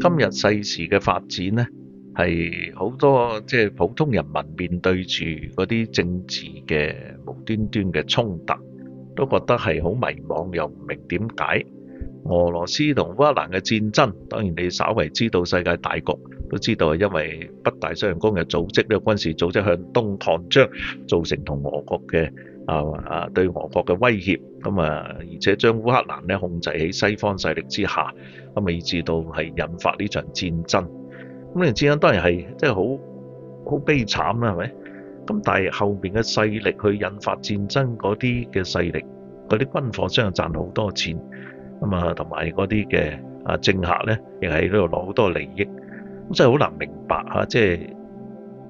今日世事嘅發展呢，係好多即係普通人民面對住嗰啲政治嘅無端端嘅衝突，都覺得係好迷茫又唔明點解。俄羅斯同烏克蘭嘅戰爭，當然你稍為知道世界大局，都知道係因為北大西洋公約組織呢個軍事組織向東擴張，造成同俄國嘅。啊啊！對俄國嘅威脅，咁啊，而且將烏克蘭咧控制喺西方勢力之下，咁未至到係引發呢場戰爭。咁呢場戰爭當然係即係好好悲慘啦，係咪？咁但係後面嘅勢力去引發戰爭嗰啲嘅勢力，嗰啲軍火商賺好多錢，咁啊，同埋嗰啲嘅啊政客咧，亦喺呢度攞好多利益。咁真係好難明白吓，即係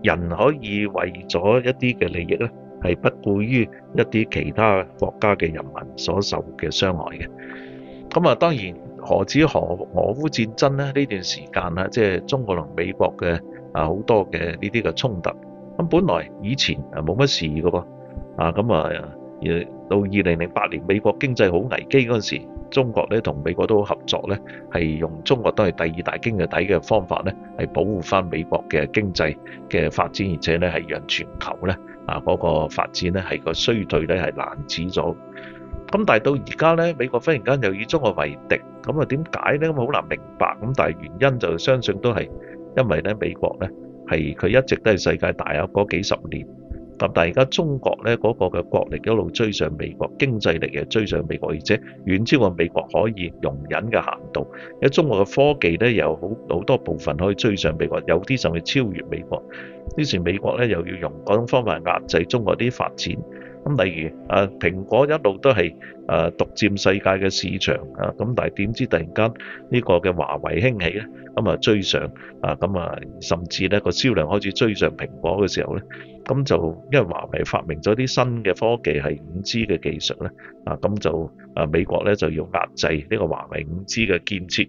人可以為咗一啲嘅利益咧。係不顧於一啲其他國家嘅人民所受嘅傷害嘅。咁啊，當然何止何俄俄烏戰爭呢？呢段時間咧，即係中國同美國嘅啊好多嘅呢啲嘅衝突。咁本來以前沒什麼啊冇乜事嘅噃。啊咁啊，到二零零八年美國經濟好危機嗰陣時，中國咧同美國都合作咧，係用中國都係第二大經濟體嘅方法咧，係保護翻美國嘅經濟嘅發展，而且咧係讓全球咧。啊！嗰個發展咧係個衰退咧係難止咗，咁但係到而家咧，美國忽然間又以中國為敵，咁啊點解咧？咁好難明白，咁但係原因就相信都係因為咧美國咧係佢一直都係世界大啊嗰幾十年。咁但係而家中國咧嗰個嘅國力一路追上美國，經濟力嘅追上美國，而且遠超過美國可以容忍嘅限度。有中國嘅科技咧，有好好多部分可以追上美國，有啲甚至超越美國。於是美國咧又要用各種方法壓制中國啲發展。咁例如啊，蘋果一路都係啊獨佔世界嘅市場啊，咁但係點知突然間呢個嘅華為興起咧，咁啊追上啊，咁啊甚至咧個銷量開始追上蘋果嘅時候咧，咁就因為華為發明咗啲新嘅科技係五 G 嘅技術咧，啊咁就啊美國咧就要壓制呢個華為五 G 嘅建設。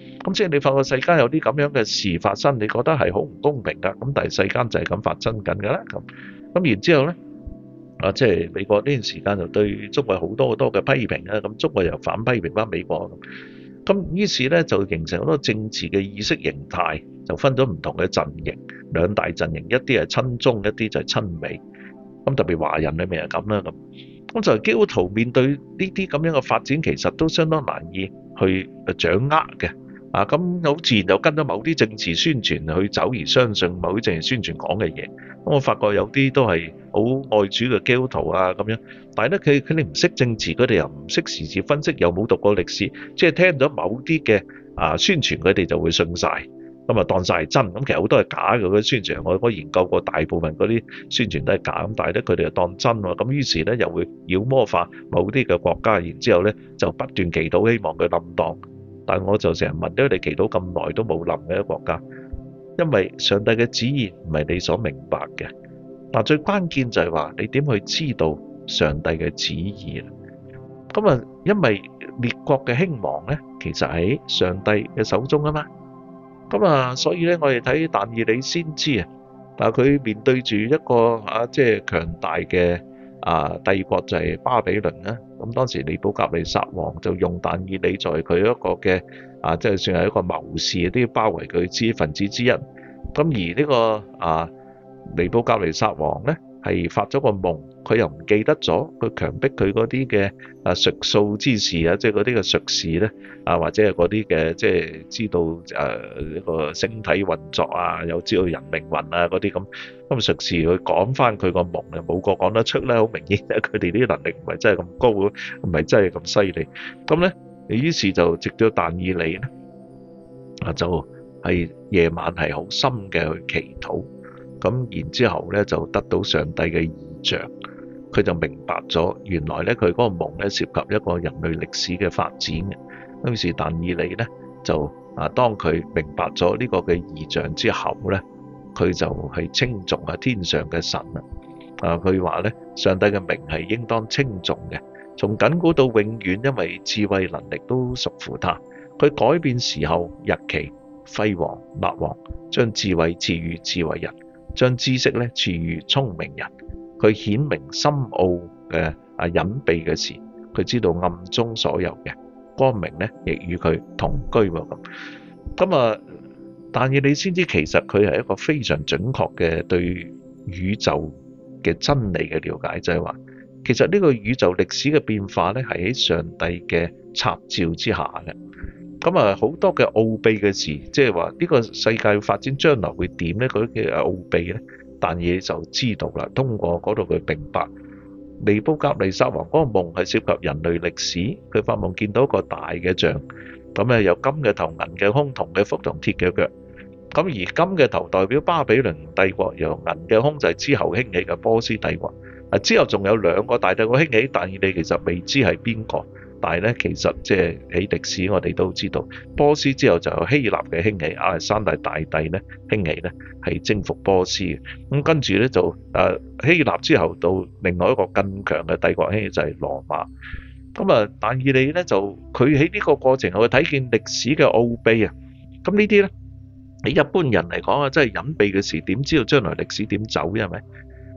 咁即係你發覺世間有啲咁樣嘅事發生，你覺得係好唔公平㗎。咁但係世間就係咁發生緊嘅啦。咁咁然之後咧，啊即係美國呢段時間就對中國好多好多嘅批評啊，咁中國又反批評返美國咁。咁於是咧就形成好多政治嘅意識形態，就分咗唔同嘅陣營，兩大陣營，一啲係親中，一啲就係親美。咁特別華人裏面係咁啦。咁咁就係基督徒面對呢啲咁樣嘅發展，其實都相當難以去掌握嘅。啊，咁好自然就跟咗某啲政治宣傳去走，而相信某啲政治宣傳講嘅嘢。咁我發覺有啲都係好愛主嘅基督徒啊咁樣，但係咧佢佢哋唔識政治，佢哋又唔識時事分析，又冇讀過歷史，即係聽到某啲嘅啊宣傳，佢哋就會信晒。咁啊當晒係真。咁其實好多係假嘅宣傳，我我研究過大部分嗰啲宣傳都係假，但係咧佢哋又當真喎。咁、啊、於是咧又會妖魔化某啲嘅國家，然之後咧就不斷祈禱希望佢冧當。但我就成日問啲你企到咁耐都冇諗嘅國家，因為上帝嘅旨意唔係你所明白嘅。嗱，最關鍵就係話你點去知道上帝嘅旨意啦？咁啊，因為列國嘅興亡咧，其實喺上帝嘅手中啊嘛。咁啊，所以咧，我哋睇但以理先知啊。但係佢面對住一個啊，即係強大嘅。啊！帝國就係巴比倫啦。咁當時尼布甲尼撒王就用但以理在佢一個嘅啊，即係算係一個謀士，都要包圍佢資分子之一。咁而個保利呢個啊尼布甲尼撒王咧。係發咗個夢，佢又唔記得咗，佢強迫佢嗰啲嘅啊術數之士，啊，即係嗰啲嘅術士咧啊，或者係嗰啲嘅即係知道啊一、呃這個星體運作啊，又知道人命運啊嗰啲咁，咁術士去講翻佢個夢又冇個講得出咧，好明顯，佢哋啲能力唔係真係咁高，唔係真係咁犀利。咁咧，於是就直咗但以理咧，啊就係、是、夜晚係好深嘅去祈禱。咁然之後咧，就得到上帝嘅異象，佢就明白咗原來咧，佢嗰個夢咧涉及一個人類歷史嘅發展。於是但以理咧就啊，當佢明白咗呢個嘅異象之後咧，佢就係稱頌啊天上嘅神啊啊！佢話咧，上帝嘅名係應當稱頌嘅，從亙古到永遠，因為智慧能力都屬乎他。佢改變時候日期、廢王、立王，將智慧賜與智慧人。將知識咧賜予聰明人，佢顯明深奧嘅啊隱蔽嘅事，佢知道暗中所有嘅光明咧，亦與佢同居咁。咁啊，但係你先知，其實佢係一個非常準確嘅對宇宙嘅真理嘅了解，就係話，其實呢個宇宙歷史嘅變化咧，係喺上帝嘅插照之下嘅。咁啊，好多嘅奧秘嘅事，即係話呢個世界發展將來會點呢？佢嘅奧秘呢，但嘢就知道啦。通過嗰度佢明白，尼布甲利沙王嗰個夢係涉及人類歷史。佢發夢見到一個大嘅像，咁啊，由金嘅頭、銀嘅胸、銅嘅腹、同鐵嘅腳。咁而金嘅頭代表巴比倫帝國，由銀嘅胸就係之後興起嘅波斯帝國。啊，之後仲有兩個大帝國興起，但你其實未知係邊個。但係咧，其實即係喺歷史，我哋都知道波斯之後就有希臘嘅興起啊，亞歷山大大帝咧興起咧係征服波斯嘅。咁跟住咧就誒希臘之後到另外一個更強嘅帝國興起就係羅馬。咁啊，但以理咧就佢喺呢個過程會睇見歷史嘅奧秘啊。咁呢啲咧，喺一般人嚟講啊，真係隱秘嘅事，點知道將來歷史點走？係咪？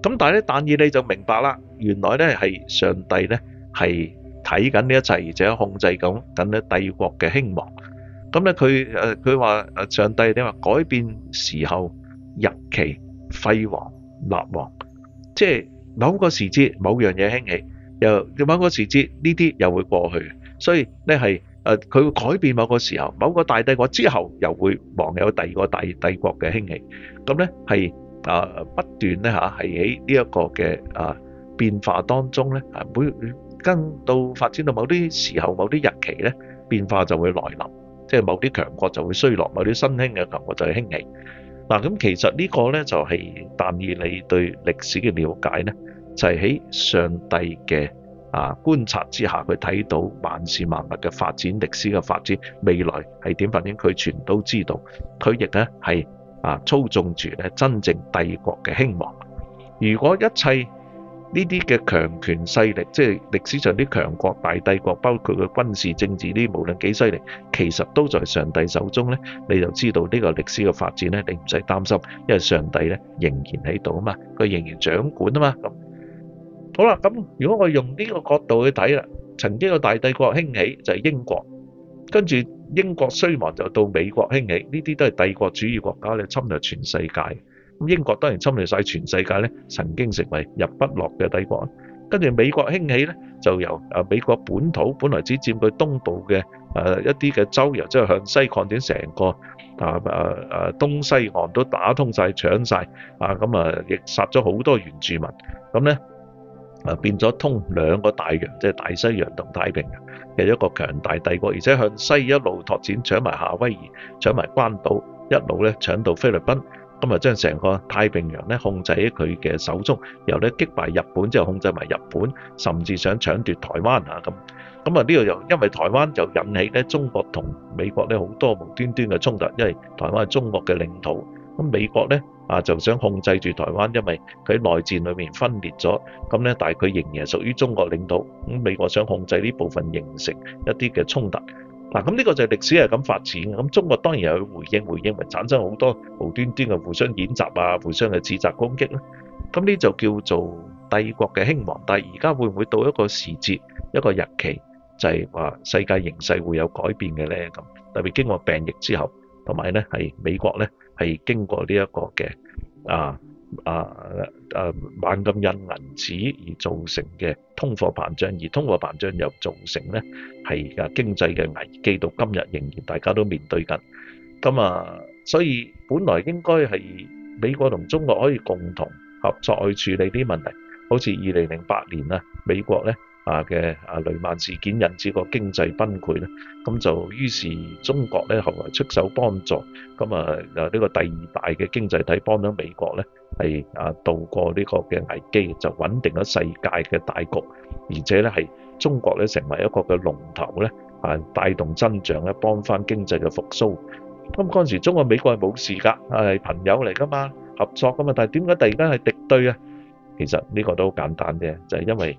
咁但係咧，但以理就明白啦，原來咧係上帝咧係。睇緊呢一切，而且控制緊緊啲帝國嘅興亡。咁咧，佢誒佢話誒上帝點話改變時候日期、廢王、立王，即係某個時節某樣嘢興起，又某個時節呢啲又會過去。所以咧係誒佢會改變某個時候，某個大帝國之後又會望有第二個大帝國嘅興起。咁咧係啊不斷咧嚇係喺呢一個嘅啊變化當中咧啊每。跟到發展到某啲時候、某啲日期咧，變化就會來臨，即係某啲強國就會衰落，某啲新興嘅強國就會興起。嗱，咁其實呢個咧就係，但以你對歷史嘅了解咧，就係喺上帝嘅啊觀察之下，去睇到萬事萬物嘅發展歷史嘅發展，未來係點發展，佢全都知道。佢亦咧係啊，操縱住咧真正帝國嘅興亡。如果一切呢啲嘅強權勢力，即係歷史上啲強國大帝國，包括佢軍事政治啲，無論幾犀利，其實都在上帝手中咧。你就知道呢個歷史嘅發展咧，你唔使擔心，因為上帝咧仍然喺度啊嘛，佢仍然掌管啊嘛。咁好啦，咁如果我用呢個角度去睇啦，曾經有大帝國興起就係英國，跟住英國衰亡就到美國興起，呢啲都係帝國主義國家嚟侵略全世界。咁英國當然侵略曬全世界咧，曾經成為日不落嘅帝國。跟住美國興起咧，就由啊美國本土本來只佔據東部嘅誒一啲嘅州，又即係向西擴展成個啊啊啊東西岸都打通曬、搶曬啊！咁啊，亦殺咗好多原住民。咁咧啊，變咗通兩個大洋，即係大西洋同太平洋嘅一個強大帝國，而且向西一路拓展，搶埋夏威夷、搶埋關島，一路咧搶到菲律賓。咁啊，將成個太平洋咧控制喺佢嘅手中，然後咧擊敗日本之後控制埋日本，甚至想搶奪台灣啊咁。咁啊，呢度又因為台灣就引起咧中國同美國咧好多無端端嘅衝突，因為台灣係中國嘅領土。咁美國咧啊，就想控制住台灣，因為佢內戰裏面分裂咗，咁咧但係佢仍然係屬於中國領土。咁美國想控制呢部分，形成一啲嘅衝突。嗱，咁呢個就係歷史係咁發展，咁中國當然有去回應，回應咪產生好多無端端嘅互相演習啊，互相嘅指責攻擊咧，咁呢就叫做帝國嘅興亡。但係而家會唔會到一個時節、一個日期，就係話世界形勢會有改變嘅呢？咁特別經過病疫之後，同埋呢係美國呢，係經過呢一個嘅啊。啊！誒，猛咁印銀紙而造成嘅通貨膨脹，而通貨膨脹又造成咧係而家經濟嘅危機，到今日仍然大家都面對緊。咁啊，所以本來應該係美國同中國可以共同合作去處理啲問題，好似二零零八年啊，美國咧。啊嘅啊雷曼事件引致個經濟崩潰咧，咁就於是中國咧後來出手幫助，咁啊就呢個第二大嘅經濟體幫咗美國咧，係啊渡過呢個嘅危機，就穩定咗世界嘅大局，而且咧係中國咧成為一個嘅龍頭咧，啊帶動增長咧，幫翻經濟嘅復甦。咁嗰陣時，中國美國係冇事㗎，係朋友嚟㗎嘛，合作㗎嘛，但係點解突然間係敵對啊？其實呢個都好簡單嘅，就係因為。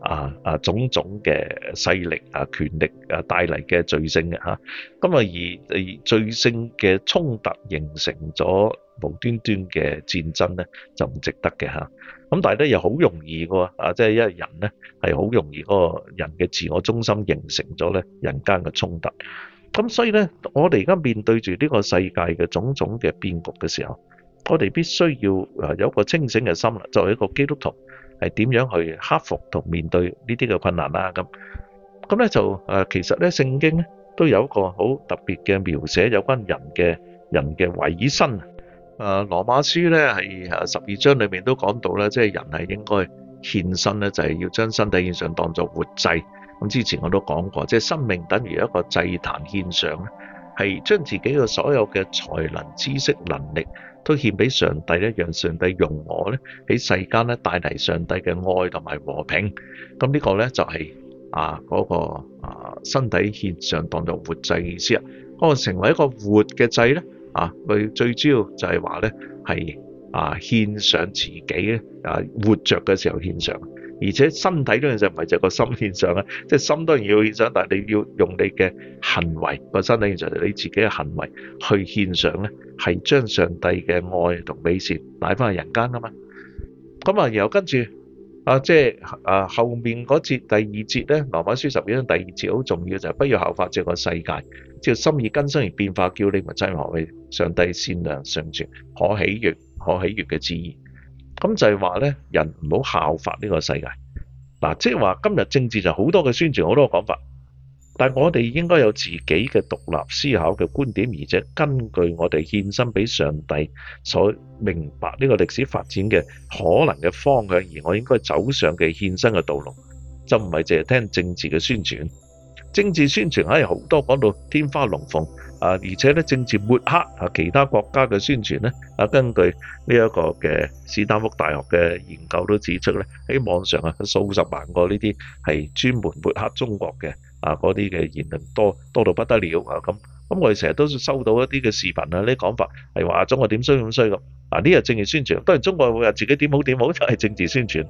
啊啊，種種嘅勢力啊，權力啊帶嚟嘅罪性嘅嚇，咁啊而而罪性嘅衝突形成咗無端端嘅戰爭咧，就唔值得嘅嚇。咁、啊、但係咧又好容易喎，啊即係因為人咧係好容易嗰個人嘅自我中心形成咗咧人間嘅衝突。咁所以咧，我哋而家面對住呢個世界嘅種種嘅變局嘅時候，我哋必須要啊有一個清醒嘅心啦，作為一個基督徒。係點樣去克服同面對呢啲嘅困難啦？咁咁咧就誒、呃，其實咧聖經咧都有一個好特別嘅描寫有關人嘅人嘅委身啊！誒、呃、羅馬書咧係誒十二章裏面都講到咧，即係人係應該獻身咧，就係、是、要將身體獻上當作活祭。咁之前我都講過，即係生命等於一個祭壇獻上咧，係將自己嘅所有嘅才能、知識、能力。都獻俾上帝咧，讓上帝用我咧喺世間咧帶嚟上帝嘅愛同埋和平。咁呢個咧就係啊嗰個啊身體獻上當作活祭嘅意思啊。嗰個成為一個活嘅祭咧啊，佢最主要就係話咧係啊獻上自己咧啊，活着嘅時候獻上，而且身體嗰樣嘢唔係就個心獻上啦，即係心當然要獻上，但係你要用你嘅行為個身體獻上，就係你自己嘅行為去獻上咧，係將上帝嘅愛同美善帶翻去人間噶嘛。咁啊，然後跟住啊，即係啊，後面嗰節第二節咧，《羅馬書》十二章第二節好重要，就係不要效法這個世界，只要心意更新而變化，叫你們察驗何為上帝善良、純全、可喜悅、可喜悅嘅旨意。咁就係話咧，人唔好效法呢個世界。嗱，即係話今日政治就好多嘅宣傳，好多嘅講法。但係我哋應該有自己嘅獨立思考嘅觀點，而且根據我哋獻身俾上帝所明白呢個歷史發展嘅可能嘅方向，而我應該走上嘅獻身嘅道路，就唔係淨係聽政治嘅宣傳。政治宣傳係好多講到天花龍鳳啊，而且咧政治抹黑啊，其他國家嘅宣傳咧啊，根據呢一個嘅斯坦福大學嘅研究都指出咧，喺網上啊數十萬個呢啲係專門抹黑中國嘅啊，嗰啲嘅言論多多到不得了啊咁咁，我哋成日都收到一啲嘅視頻啊，呢講法係話中國點衰咁衰咁啊，呢個政治宣傳，當然中國會話自己點好點好就係政治宣傳，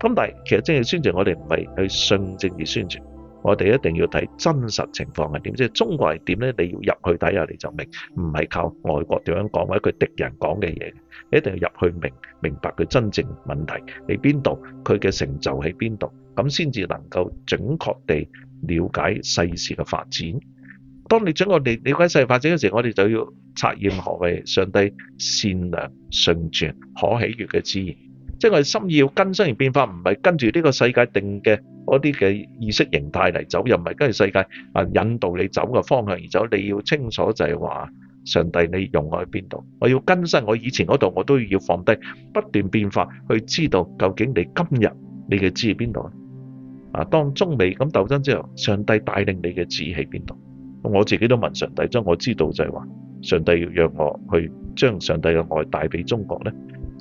咁但係其實政治宣傳我哋唔係去信政治宣傳。我哋一定要睇真實情況係點，即係中國係點咧？你要入去睇下，你就明，唔係靠外國點樣講或者佢敵人講嘅嘢，你一定要入去明明白佢真正問題喺邊度，佢嘅成就喺邊度，咁先至能夠準確地瞭解世事嘅發展。當你準確地瞭解世事發展嘅時候，我哋就要察驗何為上帝善良純全可喜悅嘅旨意。即係我哋心意要更新而變化，唔係跟住呢個世界定嘅嗰啲嘅意識形態嚟走，又唔係跟住世界啊，引導你走嘅方向，而走你要清楚就係話上帝，你用我喺邊度？我要更新我以前嗰度，我都要放低，不斷變化，去知道究竟你今日你嘅旨意邊度？啊，當中美咁鬥爭之後，上帝帶領你嘅旨喺邊度？我自己都問上帝，即係我知道就係話上帝要讓我去將上帝嘅愛帶俾中國呢。」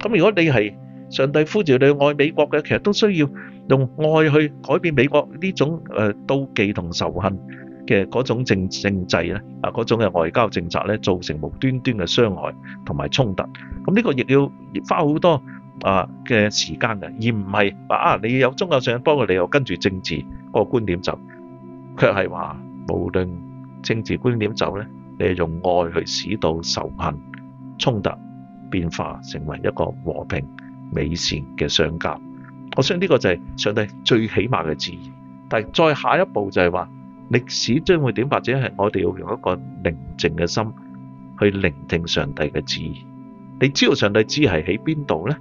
咁如果你係上帝呼召你愛美國嘅，其實都需要用愛去改變美國呢種誒妒忌同仇恨嘅嗰種政政制咧，啊嗰種嘅外交政策咧，造成無端端嘅傷害同埋衝突。咁呢個亦要花好多啊嘅時間嘅，而唔係話啊你有宗教信仰，幫你又跟住政治嗰個觀點走，卻係話無論政治觀點走咧，你用愛去使到仇恨衝突。變化成為一個和平美善嘅相交，我相信呢個就係上帝最起碼嘅旨意。但係再下一步就係話，歷史將會點發展？或者係我哋要用一個寧靜嘅心去聆聽上帝嘅旨意。你知道上帝旨意喺邊度咧？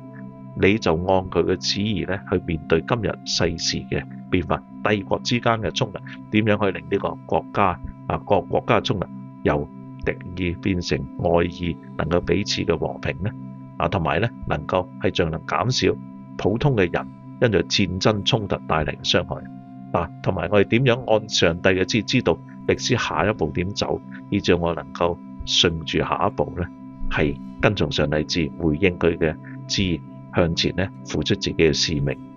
你就按佢嘅旨意咧去面對今日世事嘅變化，帝國之間嘅衝突點樣可以令呢個國家啊各國家嘅衝突由而變成愛意，能夠彼此嘅和平咧，啊，同埋咧，能夠係盡量減少普通嘅人因為戰爭衝突帶嚟嘅傷害，啊，同埋我哋點樣按上帝嘅知知道歷史下一步點走，以至我能夠順住下一步咧，係跟從上帝志，回應佢嘅指引向前咧，付出自己嘅使命。